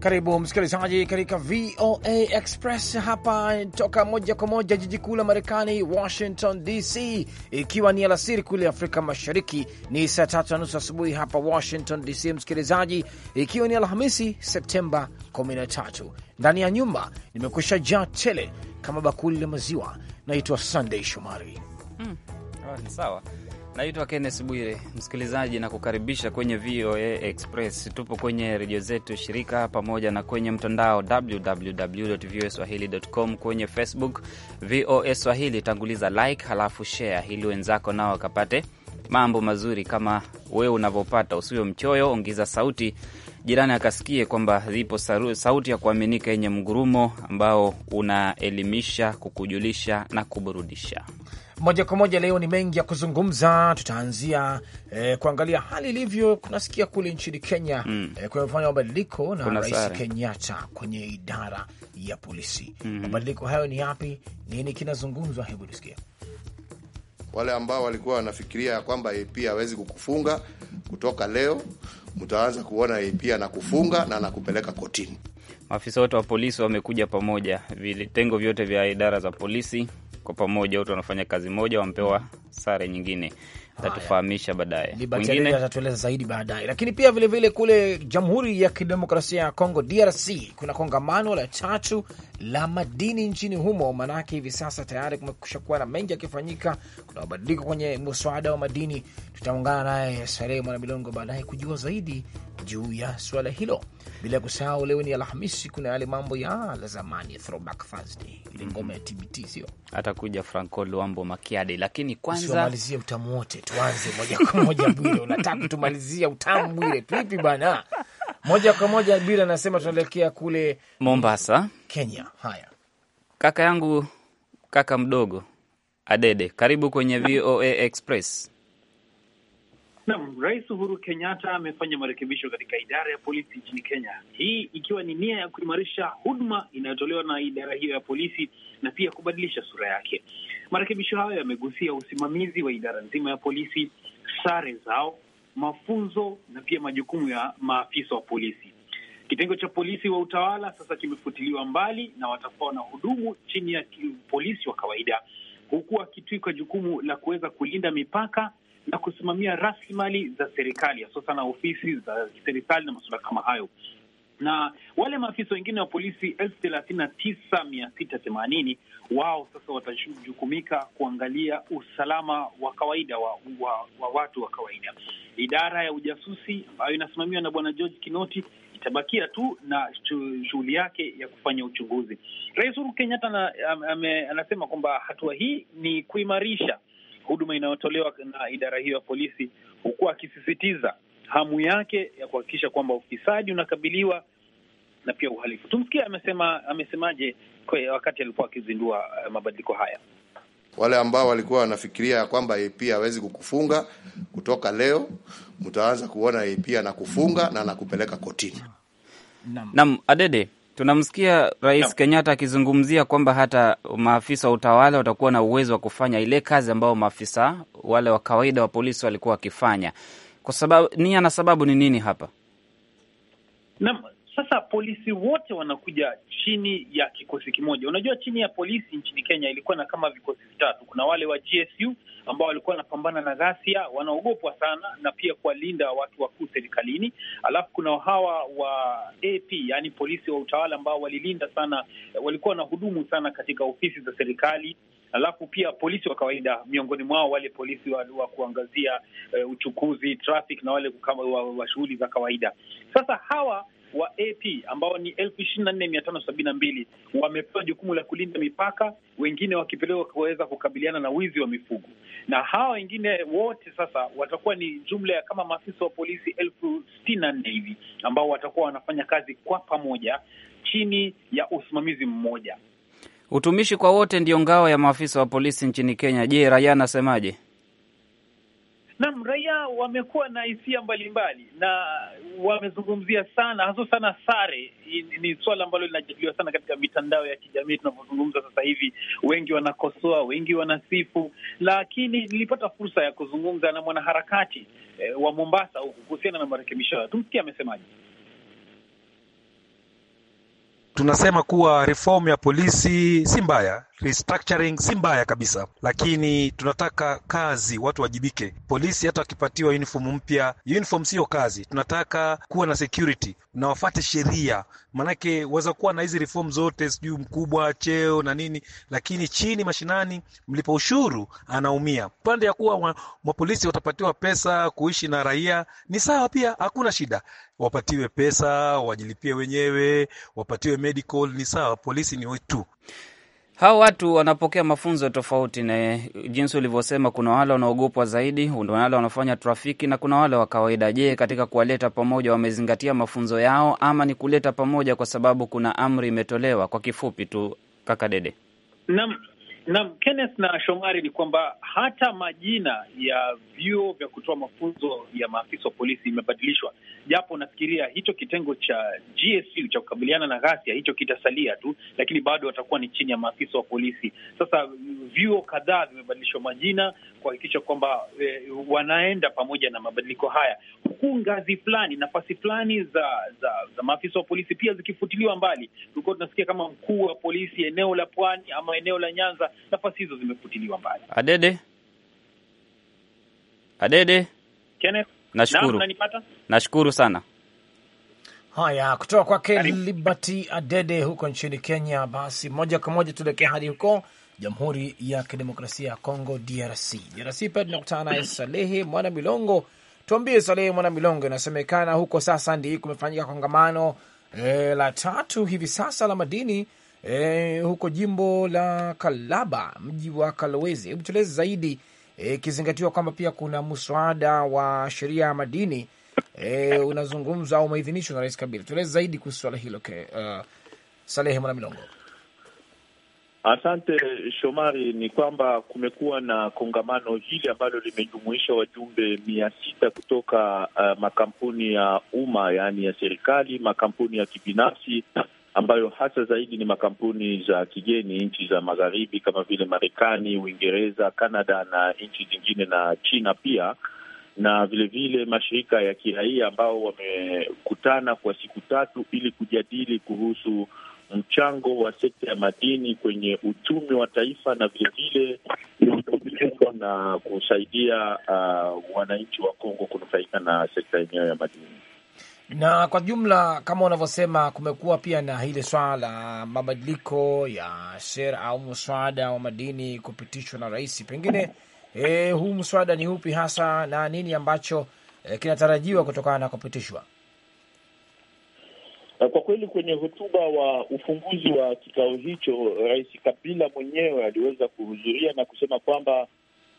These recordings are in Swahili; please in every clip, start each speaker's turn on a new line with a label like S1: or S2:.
S1: Karibu msikilizaji katika VOA Express hapa toka moja kwa moja jiji kuu la Marekani, Washington DC, ikiwa ni alasiri kule Afrika Mashariki ni saa tatu na nusu asubuhi hapa Washington DC, msikilizaji, ikiwa ni Alhamisi Septemba 13. Ndani ya nyumba nimekusha jaa tele kama bakuli la maziwa. Naitwa Sunday Shomari.
S2: Mm. Naitwa kennes Bwire, msikilizaji na kukaribisha kwenye VOA Express. Tupo kwenye redio zetu shirika pamoja na kwenye mtandao www voa swahili.com, kwenye Facebook VOA Swahili. Tanguliza like halafu share, ili wenzako nao wakapate mambo mazuri kama wewe unavyopata. Usiwe mchoyo, ongeza sauti jirani akasikie kwamba ipo sauti ya kuaminika yenye mgurumo ambao unaelimisha, kukujulisha na kuburudisha
S1: moja kwa moja. Leo ni mengi ya kuzungumza, tutaanzia eh, kuangalia hali ilivyo. Kunasikia kule nchini Kenya mm. eh, kumefanya mabadiliko na Rais Kenyatta kwenye idara ya polisi mm. mabadiliko hayo ni yapi? Nini kinazungumzwa? Hebu tusikia.
S3: Wale ambao walikuwa wanafikiria ya kwamba AP hawezi kukufunga, kutoka leo mtaanza kuona AP anakufunga na anakupeleka kotini.
S2: Maafisa wote wa polisi wamekuja pamoja, vitengo vyote vya idara za polisi kwa pamoja, watu wanafanya kazi moja, wampewa sare nyingine, atatufahamisha baadaye,
S1: atatueleza zaidi baadaye. Lakini pia vilevile vile kule Jamhuri ya Kidemokrasia ya Kongo DRC kuna kongamano la tatu la madini nchini humo, maanake hivi sasa tayari kumekusha kuwa na mengi yakifanyika. Kuna mabadiliko kwenye mswada wa madini. Tutaungana naye na Mwanamilongo baadaye kujua zaidi juu ya suala hilo bila kusahau leo ni Alhamisi, kuna yale mambo ya la zamani throwback Thursday, ile mhm. ngoma ya TBT sio?
S2: Atakuja Franco Luambo Makiadi, lakini kwanza tumalizie
S1: utamu wote, tuanze moja kwa moja. Bwile, unataka tumalizie utamu Bwile pipi bana, moja kwa moja bila nasema, tunaelekea kule
S2: Mombasa,
S1: Kenya. Haya,
S2: kaka yangu, kaka mdogo Adede, karibu kwenye VOA Express. Naam,
S3: Rais Uhuru Kenyatta amefanya marekebisho katika idara ya polisi nchini Kenya, hii ikiwa ni nia ya kuimarisha huduma inayotolewa na idara hiyo ya polisi na pia kubadilisha sura yake. Marekebisho hayo yamegusia usimamizi wa idara nzima ya polisi, sare zao, mafunzo na pia majukumu ya maafisa wa polisi. Kitengo cha polisi wa utawala sasa kimefutiliwa mbali na watakuwa na hudumu chini ya polisi wa kawaida, huku akitwikwa jukumu la kuweza kulinda mipaka na kusimamia rasilimali za serikali hasa na ofisi za serikali na masuala kama hayo na wale maafisa wengine wa polisi elfu thelathini na tisa mia sita themanini wao sasa watajukumika kuangalia usalama wa kawaida wa, wa, wa watu wa kawaida. Idara ya ujasusi ambayo inasimamiwa na Bwana George Kinoti itabakia tu na shughuli yake ya kufanya uchunguzi. Rais Uhuru Kenyatta anasema kwamba hatua hii ni kuimarisha huduma inayotolewa na idara hiyo ya polisi, huku akisisitiza hamu yake ya kuhakikisha kwamba ufisadi unakabiliwa na pia uhalifu. Tumsikia amesema amesemaje wakati alikuwa akizindua eh, mabadiliko haya. Wale ambao walikuwa wanafikiria ya kwamba AP hawezi kukufunga, kutoka leo mtaanza kuona AP anakufunga na anakupeleka kotini.
S2: Naam, Adede. Tunamsikia Rais no. Kenyatta akizungumzia kwamba hata maafisa wa utawala watakuwa na uwezo wa kufanya ile kazi ambayo maafisa wale wa kawaida wa polisi walikuwa wakifanya. Kwa sababu nia na sababu ni nini hapa?
S3: Naam, sasa polisi wote wanakuja chini ya kikosi kimoja. Unajua, chini ya polisi nchini Kenya ilikuwa na kama vikosi vitatu. Kuna wale wa GSU ambao walikuwa wanapambana na ghasia, wanaogopwa sana na pia kuwalinda watu wakuu serikalini. Alafu kuna hawa wa AP, yaani polisi wa utawala, ambao walilinda sana, walikuwa na hudumu sana katika ofisi za serikali alafu pia polisi wa kawaida, miongoni mwao wale polisi wa, wa kuangazia e, uchukuzi traffic na wale kama wa, wa shughuli za kawaida. Sasa hawa wa AP ambao ni elfu ishirini na nne mia tano sabini na mbili wamepewa jukumu la kulinda mipaka, wengine wakipelekwa kuweza kukabiliana na wizi wa mifugo. Na hawa wengine wote sasa watakuwa ni jumla ya kama maafisa wa polisi elfu sitini na nne hivi ambao watakuwa wanafanya kazi kwa pamoja chini ya usimamizi mmoja.
S2: Utumishi kwa wote ndio ngao ya maafisa wa polisi nchini Kenya. Je, raia anasemaje?
S3: Naam, raia wamekuwa na hisia mbalimbali na wamezungumzia sana, hasa sana sare. Ni suala ambalo linajadiliwa sana katika mitandao ya kijamii tunavyozungumza sasa hivi. Wengi wanakosoa, wengi wanasifu, lakini nilipata fursa ya kuzungumza na mwanaharakati eh, wa Mombasa huku kuhusiana na marekebisho hayo. Tumsikie amesemaje. Tunasema kuwa reformu ya polisi si mbaya, restructuring si mbaya kabisa, lakini tunataka kazi, watu wajibike. Polisi hata wakipatiwa uniform mpya, uniform siyo kazi. Tunataka kuwa na security na wafate sheria, maanake waweza kuwa na hizi reform zote, sijui mkubwa, cheo na nini, lakini chini mashinani, mlipa ushuru anaumia. Pande ya kuwa mapolisi watapatiwa pesa kuishi na raia ni sawa, pia hakuna shida, wapatiwe pesa, wajilipie wenyewe, wapatiwe medical, ni sawa. Polisi ni wetu.
S2: Hawa watu wanapokea mafunzo tofauti, na jinsi ulivyosema, kuna wale wanaogopwa zaidi, kuna wale wanafanya trafiki na kuna wale wa kawaida. Je, katika kuwaleta pamoja wamezingatia mafunzo yao ama ni kuleta pamoja kwa sababu kuna amri imetolewa? Kwa kifupi tu, kaka Dede.
S3: Naam, Naam, Kenneth na Shomari, ni kwamba hata majina ya vyuo vya kutoa mafunzo ya maafisa wa polisi imebadilishwa, japo unafikiria hicho kitengo cha GSU cha kukabiliana na ghasia hicho kitasalia tu, lakini bado watakuwa ni chini ya maafisa wa polisi. Sasa vyuo kadhaa vimebadilishwa majina kuhakikisha kwamba eh, wanaenda pamoja na mabadiliko haya, huku ngazi fulani, nafasi fulani za za, za maafisa wa polisi pia zikifutiliwa mbali. Tulikuwa tunasikia kama mkuu wa polisi eneo la Pwani ama eneo la Nyanza nafasi hizo zimeputiliwa mbali.
S2: Adede, Adede, Kenneth, nashukuru na, nashukuru sana.
S1: Haya, kutoka kwake Liberty Adede huko nchini Kenya. Basi moja kwa moja tuelekee hadi huko Jamhuri ya Kidemokrasia ya Kongo, DRC. DRC pia tunakutana naye Salehe Mwana Milongo. Tuambie Salehe Mwana Milongo, inasemekana huko sasa ndi kumefanyika kongamano e, la tatu hivi sasa la madini e, huko jimbo la Kalaba, mji wa Kalowezi. Hebu tueleze zaidi e, ikizingatiwa e, kwamba pia kuna mswada wa sheria ya madini e, unazungumzwa au umeidhinishwa na Rais Kabila. Tueleze zaidi kuhusu swala hilo ke, uh, Salehe Mwanamilongo.
S4: Asante Shomari, ni kwamba kumekuwa na kongamano hili ambalo limejumuisha wajumbe mia sita kutoka uh, makampuni ya umma yaani ya serikali, makampuni ya kibinafsi ambayo hasa zaidi ni makampuni za kigeni, nchi za magharibi kama vile Marekani, Uingereza, Kanada na nchi zingine na China pia, na vilevile vile mashirika ya kiraia ambao wamekutana kwa siku tatu ili kujadili kuhusu mchango wa sekta ya madini kwenye uchumi wa taifa na vilevile na kusaidia uh, wananchi wa Kongo kunufaika na sekta yenyewe ya madini.
S1: Na kwa jumla kama unavyosema, kumekuwa pia na hili swala la mabadiliko ya sera au mswada wa madini kupitishwa na rais. Pengine e, huu mswada ni upi hasa na nini ambacho e, kinatarajiwa kutokana na kupitishwa?
S4: Kwa kweli kwenye hotuba wa ufunguzi wa kikao hicho, Rais Kabila mwenyewe aliweza kuhudhuria na kusema kwamba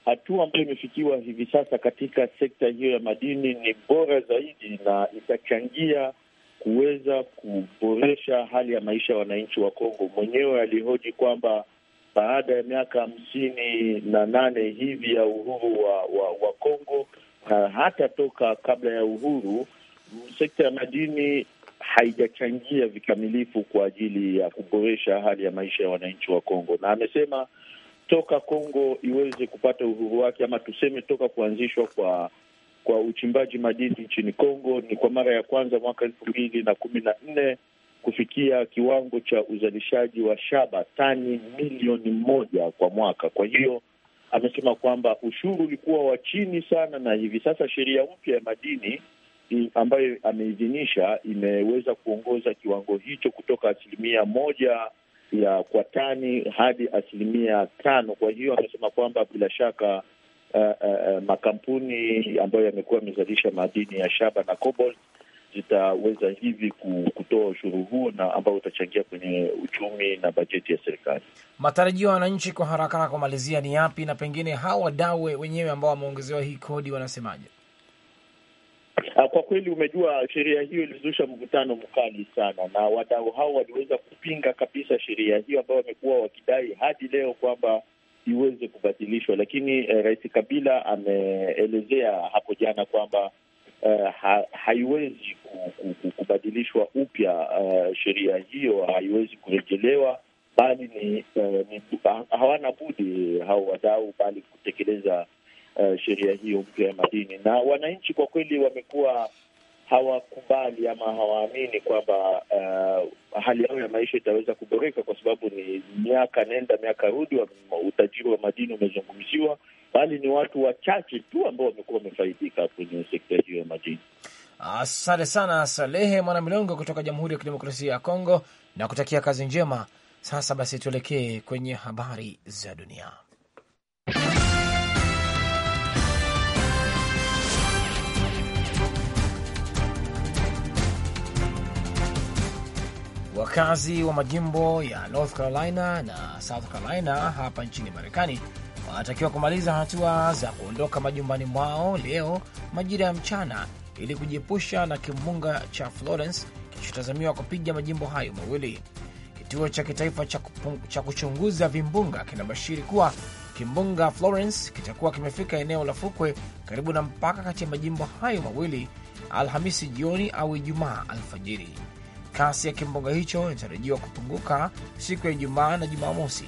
S4: hatua ambayo imefikiwa hivi sasa katika sekta hiyo ya madini ni bora zaidi na itachangia kuweza kuboresha hali ya maisha ya wananchi wa Kongo. Mwenyewe alihoji kwamba baada ya miaka hamsini na nane hivi ya uhuru wa, wa, wa Kongo na hata toka kabla ya uhuru, sekta ya madini haijachangia vikamilifu kwa ajili ya kuboresha hali ya maisha ya wananchi wa Kongo, na amesema toka Kongo iweze kupata uhuru wake ama tuseme toka kuanzishwa kwa kwa uchimbaji madini nchini Kongo ni kwa mara ya kwanza mwaka elfu mbili na kumi na nne kufikia kiwango cha uzalishaji wa shaba tani milioni moja kwa mwaka. Kwa hiyo amesema kwamba ushuru ulikuwa wa chini sana, na hivi sasa sheria mpya ya madini ambayo ameidhinisha imeweza kuongoza kiwango hicho kutoka asilimia moja ya kwa tani hadi asilimia tano. Kwa hiyo amesema kwamba bila shaka uh, uh, makampuni ambayo yamekuwa yamezalisha madini ya shaba na cobalt zitaweza hivi kutoa ushuru huo na ambao utachangia kwenye uchumi na bajeti ya serikali.
S1: Matarajio ya wananchi, kwa haraka kumalizia, ni yapi? Na pengine hawa wadau wenyewe ambao wameongezewa hii kodi wanasemaje?
S4: Ah, kwa kweli, umejua sheria hiyo ilizusha mvutano mkali sana, na wadau hao waliweza kupinga kabisa sheria hiyo ambayo wamekuwa wakidai hadi leo kwamba iweze kubatilishwa, lakini eh, Rais Kabila ameelezea hapo jana kwamba eh, ha, haiwezi kubadilishwa upya. Eh, sheria hiyo haiwezi kurejelewa, bali ni, eh, ni hawana budi hao wadau, bali kutekeleza uh, sheria hiyo mpya ya madini, na wananchi kwa kweli wamekuwa hawakubali ama hawaamini kwamba uh, hali yao ya maisha itaweza kuboreka, kwa sababu ni miaka nenda miaka rudi, utajiri wa madini umezungumziwa, bali ni watu wachache tu ambao wamekuwa wamefaidika kwenye sekta hiyo
S1: ya madini. Asante sana Salehe Mwanamilongo kutoka Jamhuri ya Kidemokrasia ya Kongo na kutakia kazi njema. Sasa basi tuelekee kwenye habari za dunia. Wakazi wa majimbo ya North Carolina na South Carolina hapa nchini Marekani wanatakiwa kumaliza hatua za kuondoka majumbani mwao leo majira ya mchana ili kujiepusha na kimbunga cha Florence kinachotazamiwa kupiga majimbo hayo mawili. Kituo cha kitaifa cha kuchunguza vimbunga kinabashiri kuwa kimbunga Florence kitakuwa kimefika eneo la fukwe karibu na mpaka kati ya majimbo hayo mawili Alhamisi jioni au Ijumaa alfajiri. Kasi ya kimbunga hicho inatarajiwa kupunguka siku ya Ijumaa na Jumamosi,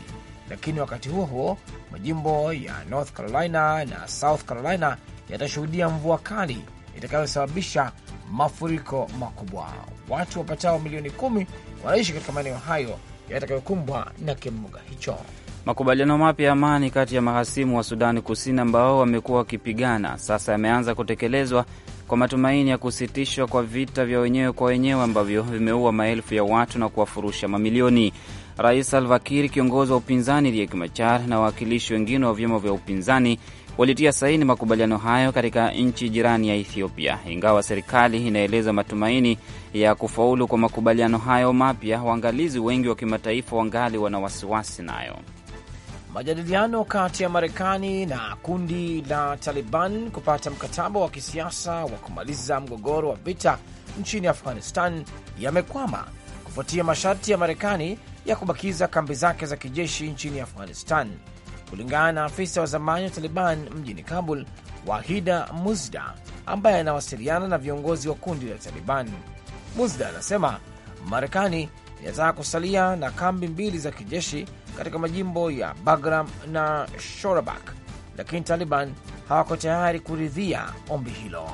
S1: lakini wakati huo huo majimbo ya North Carolina na South Carolina yatashuhudia mvua kali itakayosababisha mafuriko makubwa. Watu wapatao milioni kumi wanaishi katika maeneo hayo yatakayokumbwa na kimbunga hicho.
S2: Makubaliano mapya ya amani kati ya mahasimu wa Sudani Kusini ambao wamekuwa wakipigana sasa yameanza kutekelezwa kwa matumaini ya kusitishwa kwa vita vya wenyewe kwa wenyewe ambavyo vimeua maelfu ya watu na kuwafurusha mamilioni. Rais Salva Kiir, kiongozi wa upinzani Riek Machar na wawakilishi wengine wa vyama vya upinzani walitia saini makubaliano hayo katika nchi jirani ya Ethiopia. Ingawa serikali inaeleza matumaini ya kufaulu kwa makubaliano hayo mapya, waangalizi wengi wa kimataifa wangali wana wasiwasi nayo.
S1: Majadiliano kati ya Marekani na kundi la Taliban kupata mkataba wa kisiasa wa kumaliza mgogoro wa vita nchini Afghanistan yamekwama kufuatia masharti ya Marekani ya kubakiza kambi zake za kijeshi nchini Afghanistan, kulingana na afisa wa zamani wa Taliban mjini Kabul, Wahida Muzda, ambaye anawasiliana na viongozi wa kundi la Taliban. Muzda anasema Marekani inataka kusalia na kambi mbili za kijeshi katika majimbo ya Bagram na Shorabak, lakini Taliban hawako tayari kuridhia ombi hilo.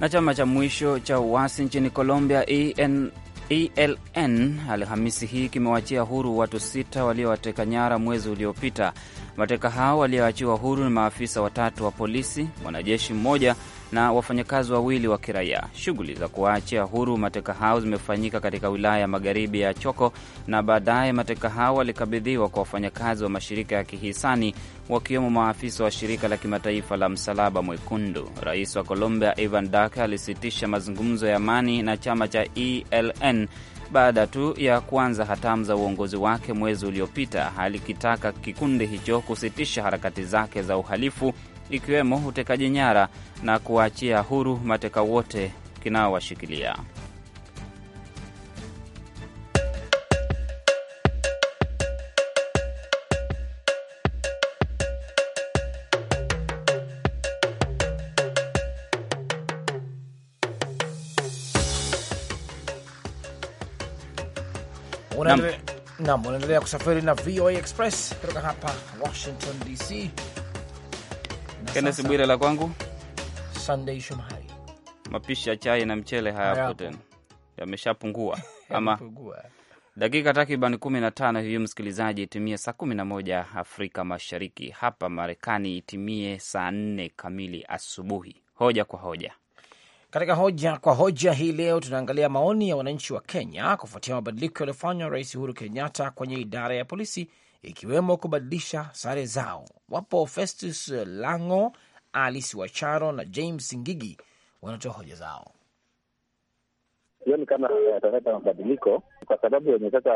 S2: Na chama cha mwisho cha uasi nchini Colombia EN ELN Alhamisi hii kimewachia huru watu sita waliowateka nyara mwezi uliopita. Mateka hao walioachiwa huru ni maafisa watatu wa polisi, mwanajeshi mmoja na wafanyakazi wawili wa kiraia. Shughuli za kuwaachia huru mateka hao zimefanyika katika wilaya ya magharibi ya Choko, na baadaye mateka hao walikabidhiwa kwa wafanyakazi wa mashirika ya kihisani wakiwemo maafisa wa shirika la kimataifa la Msalaba Mwekundu. Rais wa Colombia Ivan Duque alisitisha mazungumzo ya amani na chama cha ELN baada tu ya kuanza hatamu za uongozi wake mwezi uliopita, alikitaka kikundi hicho kusitisha harakati zake za uhalifu ikiwemo utekaji nyara na kuwaachia huru mateka wote kinaowashikilia.
S1: Nam, unaendelea kusafiri na VOA Express kutoka hapa Washington DC. Kenneth Bwire, la kwangu Sunday Shomari.
S2: Mapishi ya chai na mchele hayapo tena, yameshapungua ama dakika takriban kumi na tano hivi, msikilizaji, itimie saa kumi na moja Afrika Mashariki, hapa Marekani itimie saa nne kamili asubuhi. Hoja kwa hoja
S1: katika hoja kwa hoja hii leo tunaangalia maoni ya wananchi wa Kenya kufuatia mabadiliko yaliyofanywa Rais Uhuru Kenyatta kwenye idara ya polisi ikiwemo kubadilisha sare zao. Wapo Festus Lango, Alice Wacharo na James Ngigi wanatoa hoja zao.
S5: Sioni kama yataleta mabadiliko kwa sababu wenye sasa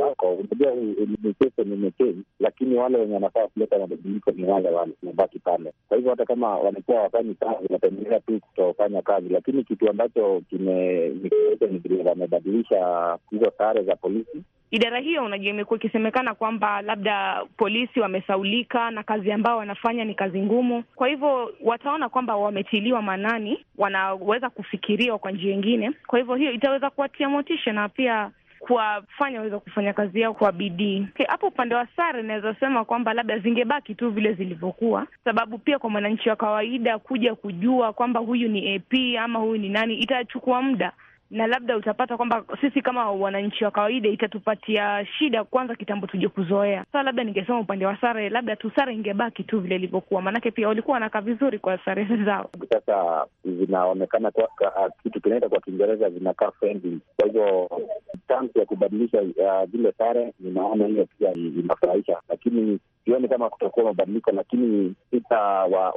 S5: wako, unajua michezo ni michezo, lakini wale wenye wanafaa kuleta mabadiliko ni wale wale wanabaki pale. Kwa hivyo hata kama walikuwa wafanyi kazi, wataendelea tu kutofanya kazi, lakini kitu ambacho kimenikiweza ni vile wamebadilisha hizo sare za
S4: polisi
S6: idara hiyo unajua, imekuwa ikisemekana kwamba labda polisi wamesaulika na kazi ambao wanafanya ni kazi ngumu. Kwa hivyo wataona kwamba wametiliwa maanani, wanaweza kufikiriwa kwa njia ingine. Kwa hivyo hiyo itaweza kuwatia motisha na pia kuwafanya waweze kufanya kazi yao kwa bidii. Hapo okay, upande wa sare inawezasema sema kwamba labda zingebaki tu vile zilivyokuwa, sababu pia kwa mwananchi wa kawaida kuja kujua kwamba huyu ni AP ama huyu ni nani itachukua muda na labda utapata kwamba sisi kama wananchi wa kawaida itatupatia shida kwanza kitambo tuje kuzoea. Sasa labda ningesema upande wa sare, labda tu sare ingebaki tu vile ilivyokuwa, maanake pia walikuwa wanakaa vizuri kwa sare zao.
S5: Sasa zinaonekana uh, kitu kinaita kwa Kiingereza zinakaa friendly, kwa hivyo tansi ya kubadilisha uh, zile sare, ninaona hiyo pia inafurahisha, lakini sioni kama kutakuwa mabadiliko, lakini sita wa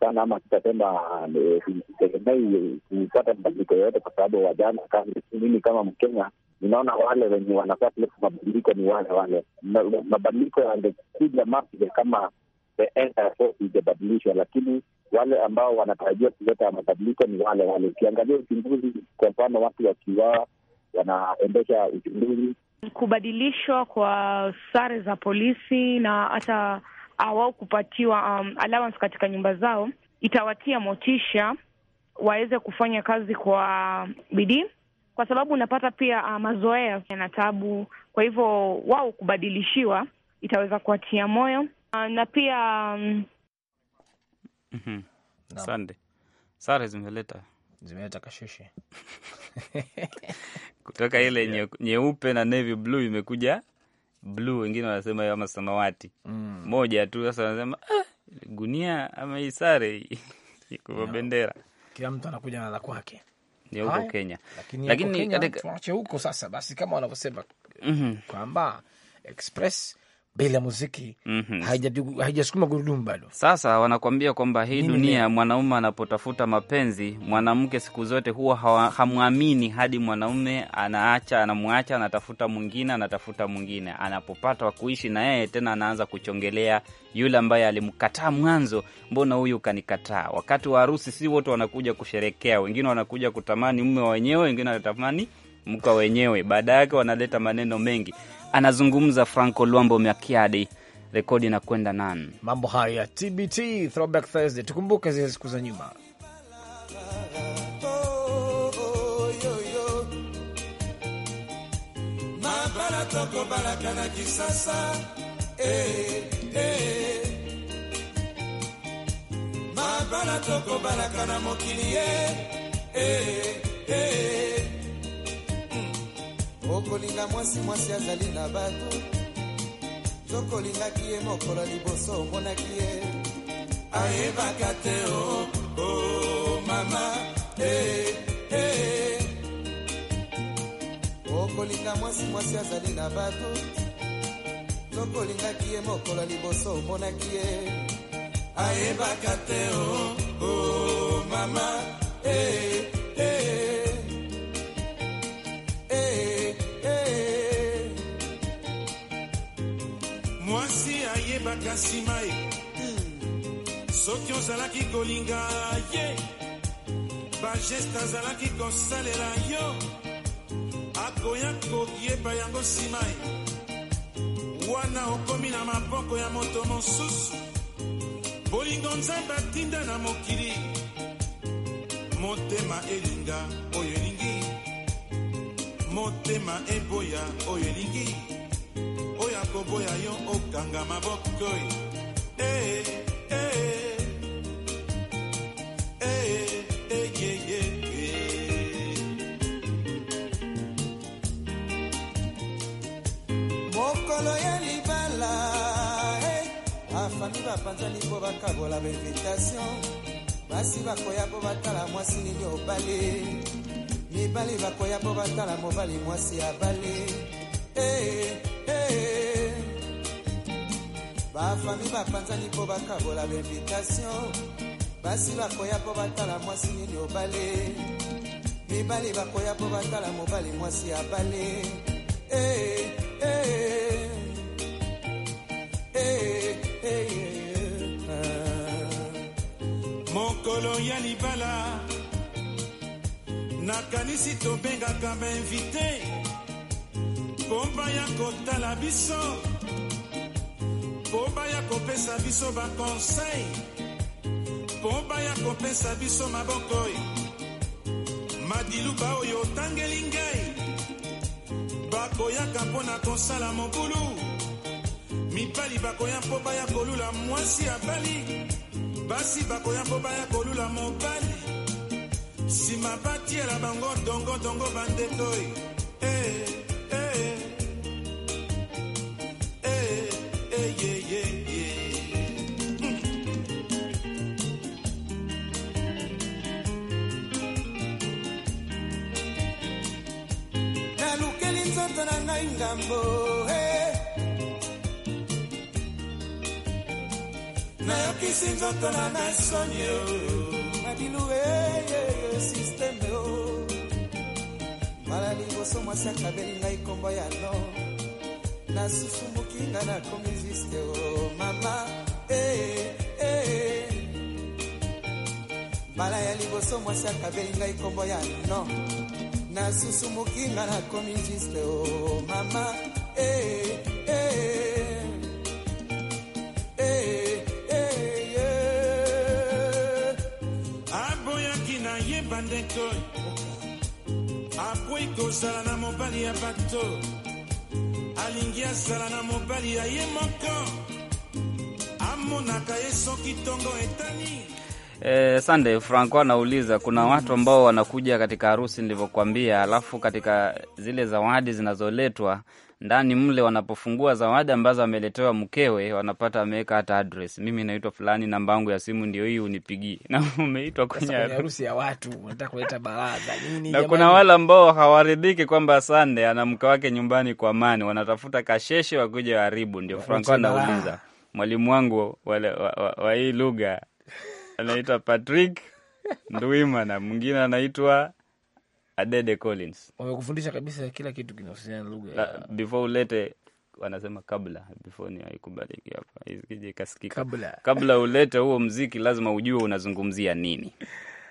S5: sana ama sitasema eh, sitegemei kupata mabadiliko yoyote, kwa sababu wajana, mimi kama Mkenya ninaona wale wenye wanafaa kuleta mabadiliko ni wale wale. Mabadiliko yangekuja mapya kama ijabadilishwa, lakini wale ambao wanatarajia kuleta mabadiliko ni wale wale. Ukiangalia uchunguzi, kwa mfano, watu wakiwaa wanaendesha uchunguzi
S6: kubadilishwa kwa sare za polisi na hata ah, wao kupatiwa um, allowance katika nyumba zao itawatia motisha waweze kufanya kazi kwa bidii, kwa sababu unapata pia uh, mazoea na tabu. Kwa hivyo wao kubadilishiwa itaweza kuwatia moyo uh, na pia um...
S2: mm -hmm. Sande, sare zimeleta
S1: zimeleta kashishi
S2: kutoka ile yeah, nyeupe na navy blue imekuja blue, wengine wanasema ama samawati mm. Moja tu sasa wanasema ah, gunia ama hii sare iko no. Bendera
S1: kila mtu anakuja na la kwake ni huko Kenya,
S2: lakini, lakini katika... tuache
S1: huko sasa basi, kama wanavyosema mm -hmm. kwamba express bila muziki mm -hmm. haijasukuma gurudumu bado.
S2: Sasa wanakuambia kwamba hii nini dunia, mwanaume anapotafuta mapenzi, mwanamke siku zote huwa hamwamini hadi mwanaume anaacha, anamwacha, anatafuta mwingine, anatafuta mwingine, anapopata wa kuishi na yeye tena anaanza kuchongelea yule ambaye alimkataa mwanzo. Mbona huyu ukanikataa? Wakati wa harusi, si wote wanakuja kusherekea, wengine wanakuja kutamani mume wenyewe, wengine wanatamani mka wenyewe, baada yake wanaleta maneno mengi anazungumza Franco Luambo Makiadi, rekodi na kwenda nan
S1: mambo haya TBT Throwback Thursday, tukumbuke zile siku za nyuma.
S7: Mabala toko balaka na mokili ye, eh, eh. eh. okolinga mwasi mwasi azali na bato tokolingaki ye mokolo liboso omonaki ye ayebaka te o oh, o oh, mama hey, eh, hey. okolinga mwasi mwasi azali na bato tokolingaki ye mokolo liboso omonaki ye ayebaka te o oh, o mama hey, eh.
S8: hey. koleka nsima ye soki ozalaki kolinga ye bageste azalaki kosalela yo akoya koyeba yango nsima ye wana okomi na maboko ya moto mosusu bolingo nzambe atinda na mokili motema elinga oyo elingi motema eboya oyo elingi maboko ya yo okanga maboko eh eh eh eh yeah yeah
S7: mokolo ya libala eh. bafami bapanzani mpo bakabola bainvitation basi bakoya mpo batala mwasi nini obale mibali bakoya mpo batala mobali mwasi abale hey. Eh, bafami bapanzani mpo bakabola bainvitation basi bakoya mpo batala mwasi nini obale mibali bakoya mpo batala mobali mwasi abale hey,
S8: hey, hey, hey, hey, ah. mokolo ya libala nakanisi tobengaka bainvite komba ya kotala biso mpo baya kopesa biso bakonsei mpo baya kopesa biso mabokoi madiluba oyo otangeli ngai bakoyaka mpo na kosala mobulu mibali bakoya mpo baya kolula mwasi abali basi bakoya mpo baya kolula mobali nsima batiela bango dongodongo bandekoi dongo,
S7: tona na sonyo mabiluwe sisteme o mala liboso mwasi akabeli ngai nkombo ya no nasusumuki nga nakomi juste o mama eh mala ya liboso mwasi kabeli ngai ikombo ya no nasusumuki nga nakomi juste o mama
S8: eh. etoryi akwei kozala na mobali ya bato alingi azala e na mobali ya ye moko amonaka ye soki tongo etani
S2: Eh, Sande Franco anauliza kuna watu ambao wanakuja katika harusi nilivyokuambia, alafu katika zile zawadi zinazoletwa ndani mle wanapofungua zawadi ambazo ameletewa mkewe, wanapata ameweka hata address. Mimi naitwa fulani, namba yangu ya simu ndio hii, unipigie. Na umeitwa kwenye harusi
S1: ya watu, unataka kuleta baraza nini? Na kuna wale
S2: ambao hawaridhiki kwamba Sande ana mke wake nyumbani kwa amani, wanatafuta kasheshe wakuja waharibu. Ndio Franco anauliza mwalimu wangu wa, wa, wa, wa hii lugha anaitwa Patrick Ndwimana, mwingine anaitwa Adede Collins
S1: wamekufundisha kabisa kila kitu kinahusiana na lugha ya...
S2: before ulete wanasema kabla before ni haikubaliki hapa isije ikasikika. Kabla, kabla ulete huo mziki lazima ujue unazungumzia nini.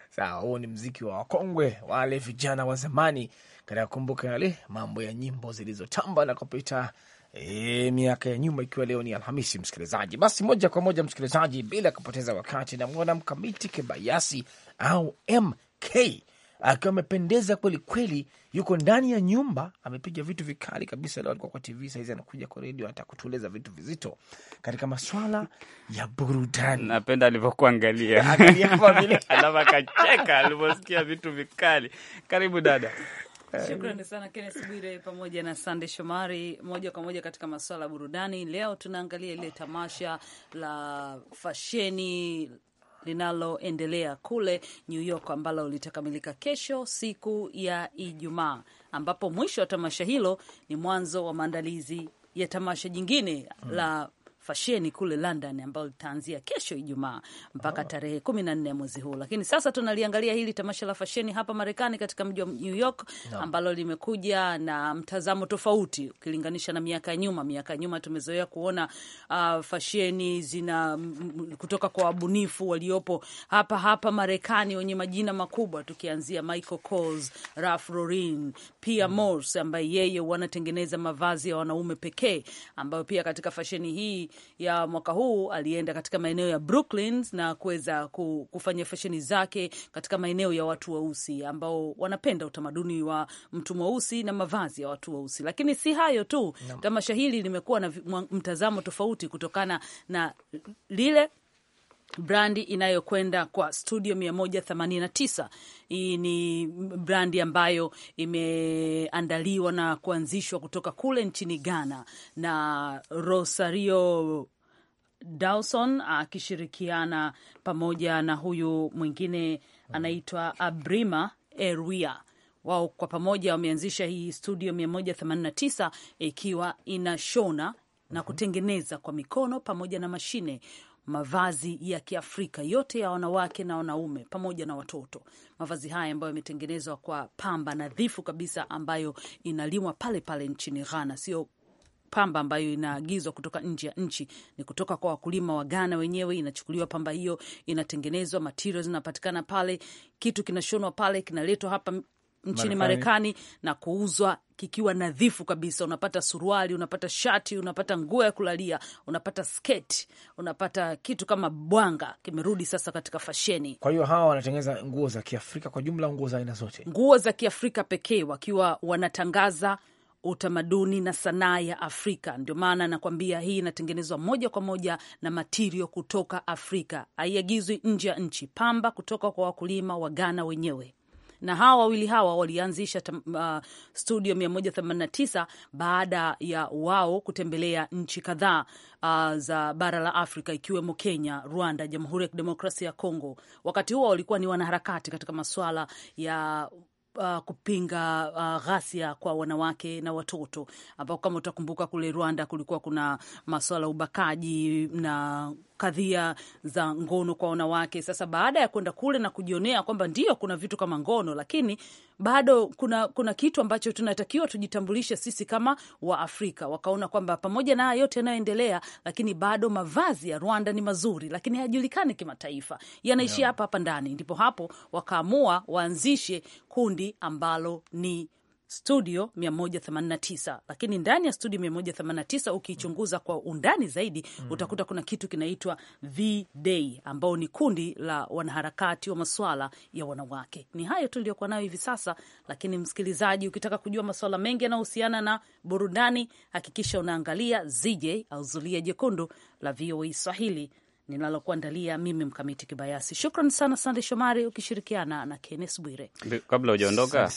S1: Sawa, huo ni mziki wa wakongwe wale vijana wa zamani, katika kumbuka yale mambo ya nyimbo zilizotamba na kupita E, miaka ya nyuma. Ikiwa leo ni Alhamisi, msikilizaji, basi moja kwa moja msikilizaji, bila kupoteza wakati, namwona Mkamiti Kibayasi au MK akiwa amependeza kweli kweli, yuko ndani ya nyumba, amepiga vitu vikali kabisa. Leo alikuwa kwa TV, saizi anakuja kwa redio, anataka kutueleza vitu vizito katika maswala ya burudani. Napenda alivyokuangalia, alafu
S2: akacheka alivyosikia vitu vikali. Karibu dada. Shukrani
S9: sana Kennes Bwire pamoja na Sande Shomari. Moja kwa moja katika masuala ya burudani, leo tunaangalia ile tamasha la fasheni linaloendelea kule New York ambalo litakamilika kesho siku ya Ijumaa, ambapo mwisho wa tamasha hilo ni mwanzo wa maandalizi ya tamasha jingine mm. la fasheni kule London ambayo litaanzia kesho Ijumaa mpaka ah. tarehe kumi na nne mwezi huu. Lakini sasa tunaliangalia hili tamasha la fasheni hapa Marekani katika mji wa New York no. ambalo limekuja na mtazamo tofauti ukilinganisha na miaka ya nyuma. Miaka ya nyuma tumezoea kuona uh, fasheni zina kutoka kwa wabunifu waliopo hapa hapa Marekani wenye majina makubwa, tukianzia Michael Kors, Ralph Lauren, Pia mm. Morse ambaye yeye wanatengeneza mavazi ya wanaume pekee, ambayo pia katika fasheni hii ya mwaka huu alienda katika maeneo ya Brooklyn na kuweza kufanya fesheni zake katika maeneo ya watu weusi wa ambao wanapenda utamaduni wa mtu mweusi na mavazi ya watu weusi wa. Lakini si hayo tu, tamasha hili limekuwa na mtazamo tofauti kutokana na lile brandi inayokwenda kwa studio 189. Hii ni brandi ambayo imeandaliwa na kuanzishwa kutoka kule nchini Ghana na Rosario Dawson akishirikiana pamoja na huyu mwingine anaitwa Abrima Erwia. Wao kwa pamoja wameanzisha hii studio 189 ikiwa inashona na mhm. kutengeneza kwa mikono pamoja na mashine mavazi ya Kiafrika yote ya wanawake na wanaume pamoja na watoto. Mavazi haya ambayo yametengenezwa kwa pamba nadhifu kabisa ambayo inalimwa pale pale nchini Ghana, sio pamba ambayo inaagizwa kutoka nje ya nchi, ni kutoka kwa wakulima wa Ghana wenyewe. Inachukuliwa pamba hiyo, inatengenezwa, materials zinapatikana pale, kitu kinashonwa pale, kinaletwa hapa nchini Marekani na kuuzwa kikiwa nadhifu kabisa. Unapata suruali, unapata shati, unapata nguo ya kulalia, unapata sketi, unapata kitu kama bwanga kimerudi sasa katika fasheni.
S1: Kwa hiyo hawa wanatengeneza nguo za Kiafrika kwa jumla, nguo za aina zote,
S9: nguo za Kiafrika pekee, wakiwa wanatangaza utamaduni na sanaa ya Afrika. Ndio maana nakwambia hii inatengenezwa moja kwa moja na matirio kutoka Afrika, haiagizwi nje ya nchi. Pamba kutoka kwa wakulima wa Ghana wenyewe, na hawa wawili hawa walianzisha uh, studio 189 baada ya wao kutembelea nchi kadhaa uh, za bara la Afrika ikiwemo Kenya, Rwanda, Jamhuri ya Kidemokrasia ya Kongo. Wakati huo walikuwa ni wanaharakati katika masuala ya Uh, kupinga uh, ghasia kwa wanawake na watoto, ambao kama utakumbuka kule Rwanda kulikuwa kuna maswala ya ubakaji na kadhia za ngono kwa wanawake. Sasa baada ya kwenda kule na kujionea kwamba ndio kuna vitu kama ngono, lakini bado kuna, kuna kitu ambacho tunatakiwa tujitambulishe sisi kama Waafrika. Wakaona kwamba pamoja na haya yote yanayoendelea, lakini bado mavazi ya Rwanda ni mazuri, lakini hayajulikani kimataifa, yanaishia hapa hapa ndani. Ndipo hapo wakaamua waanzishe kundi ambalo ni studio 189 lakini ndani ya studio 189 ukiichunguza kwa undani zaidi mm. utakuta kuna kitu kinaitwa V-Day ambao ni kundi la wanaharakati wa maswala ya wanawake. Ni hayo tu niliyokuwa nayo hivi sasa, lakini msikilizaji, ukitaka kujua masuala mengi yanayohusiana na burudani, hakikisha unaangalia ZJ au zulia jekundu la VOA e Swahili ninalokuandalia mimi Mkamiti Kibayasi. Shukran sana Sande Shomari ukishirikiana na Kennes Bwire.
S2: Kabla hujaondoka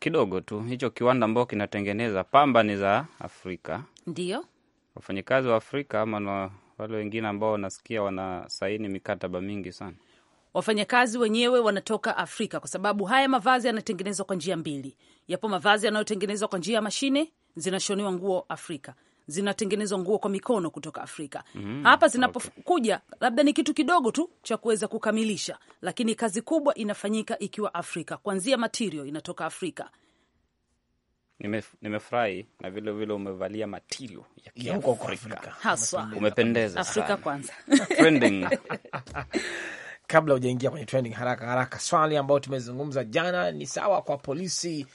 S2: kidogo tu, hicho kiwanda ambao kinatengeneza pamba ni za Afrika, ndio wafanyakazi wa Afrika ama na wale wengine ambao wanasikia wanasaini mikataba mingi sana
S9: wafanyakazi wenyewe wanatoka Afrika kwa sababu haya mavazi yanatengenezwa kwa njia mbili. Yapo mavazi yanayotengenezwa kwa njia ya mashine, zinashoniwa nguo Afrika, zinatengenezwa nguo kwa mikono kutoka Afrika. Mm, hapa zinapokuja okay, labda ni kitu kidogo tu cha kuweza kukamilisha, lakini kazi kubwa inafanyika ikiwa Afrika, kuanzia material inatoka Afrika.
S2: Nimefurahi nime
S1: na vile vile umevalia matilio ya huko Afrika
S9: haswa, umependeza Afrika kwanza trending
S1: kabla hujaingia kwenye trending, haraka haraka, swali ambayo tumezungumza jana ni sawa kwa polisi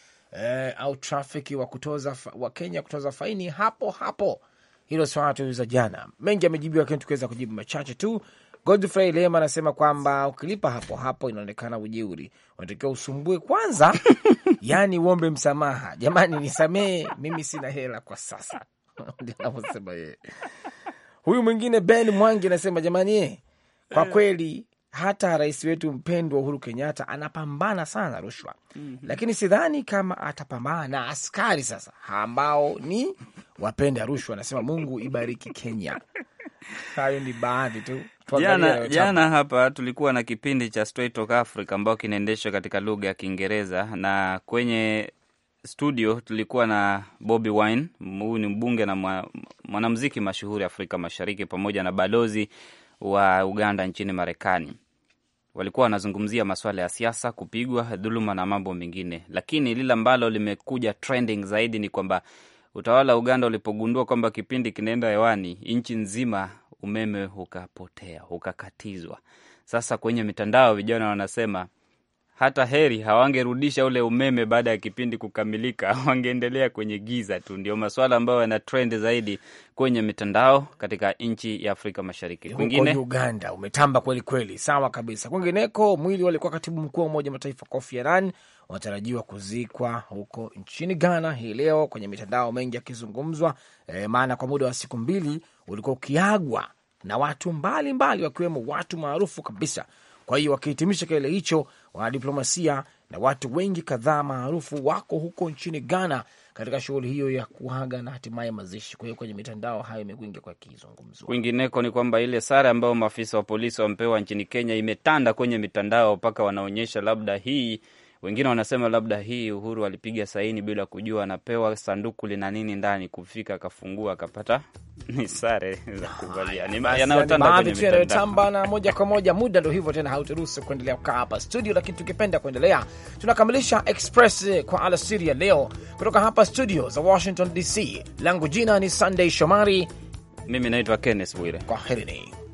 S1: eh, au trafiki wa kutoza wa Kenya kutoza faini hapo hapo. Hilo swala tuliuza jana, mengi amejibiwa, lakini tukiweza kujibu machache tu. Godfrey Lema anasema kwamba ukilipa hapo hapo inaonekana ujeuri, unatakiwa usumbue kwanza yani uombe msamaha, jamani, nisamee, mimi sina hela kwa sasa. Ndio anavyosema yeye. Huyu mwingine Ben Mwangi anasema jamani, eh,
S2: kwa eh. kweli
S1: hata rais wetu mpendwa Uhuru Kenyatta anapambana sana rushwa mm -hmm. Lakini sidhani kama atapambana na askari sasa ambao ni wapenda rushwa. Anasema Mungu ibariki Kenya. Hayo ni baadhi tu. Jana, jana
S2: hapa tulikuwa na kipindi cha Straight Talk Africa ambao kinaendeshwa katika lugha ya Kiingereza na kwenye studio tulikuwa na Bobi Wine, huyu ni mbunge na mwanamziki mashuhuri Afrika Mashariki, pamoja na balozi wa Uganda nchini Marekani walikuwa wanazungumzia masuala ya siasa, kupigwa, dhuluma na mambo mengine, lakini lile ambalo limekuja trending zaidi ni kwamba utawala wa Uganda ulipogundua kwamba kipindi kinaenda hewani, nchi nzima umeme ukapotea, ukakatizwa. Sasa kwenye mitandao vijana wanasema hata heri hawangerudisha ule umeme baada ya kipindi kukamilika, wangeendelea kwenye giza tu. Ndio maswala ambayo yana trend zaidi kwenye mitandao katika nchi ya Afrika Mashariki. Kwingine
S1: Uganda umetamba kweli kweli, sawa kabisa. Kwingineko, mwili walikuwa katibu mkuu wa Umoja Mataifa Kofi Annan wanatarajiwa kuzikwa huko nchini Ghana hii leo, kwenye mitandao mengi yakizungumzwa e, maana kwa muda wa siku mbili ulikuwa ukiagwa na watu mbalimbali, wakiwemo watu maarufu kabisa. Kwa hiyo wakihitimisha kilele hicho wanadiplomasia na watu wengi kadhaa maarufu wako huko nchini Ghana katika shughuli hiyo ya kuaga na hatimaye mazishi. Kwa hiyo kwenye mitandao hayo imekuingia kwa kizungumzo.
S2: Kwingineko ni kwamba ile sare ambayo maafisa wa polisi wamepewa nchini Kenya imetanda kwenye mitandao mpaka wanaonyesha labda hii wengine wanasema labda hii Uhuru alipiga saini bila kujua anapewa sanduku lina nini ndani, kufika akafungua akapata ni sare za kuvalia yanayotamba
S1: na moja kwa moja. Muda ndo hivyo tena, hauturuhusu kuendelea kukaa hapa studio, lakini tukipenda kuendelea, tunakamilisha Express kwa alasiri ya leo kutoka hapa studio za Washington DC. Langu jina ni Sunday Shomari,
S2: mimi naitwa Kenneth Bwire, kwaherini.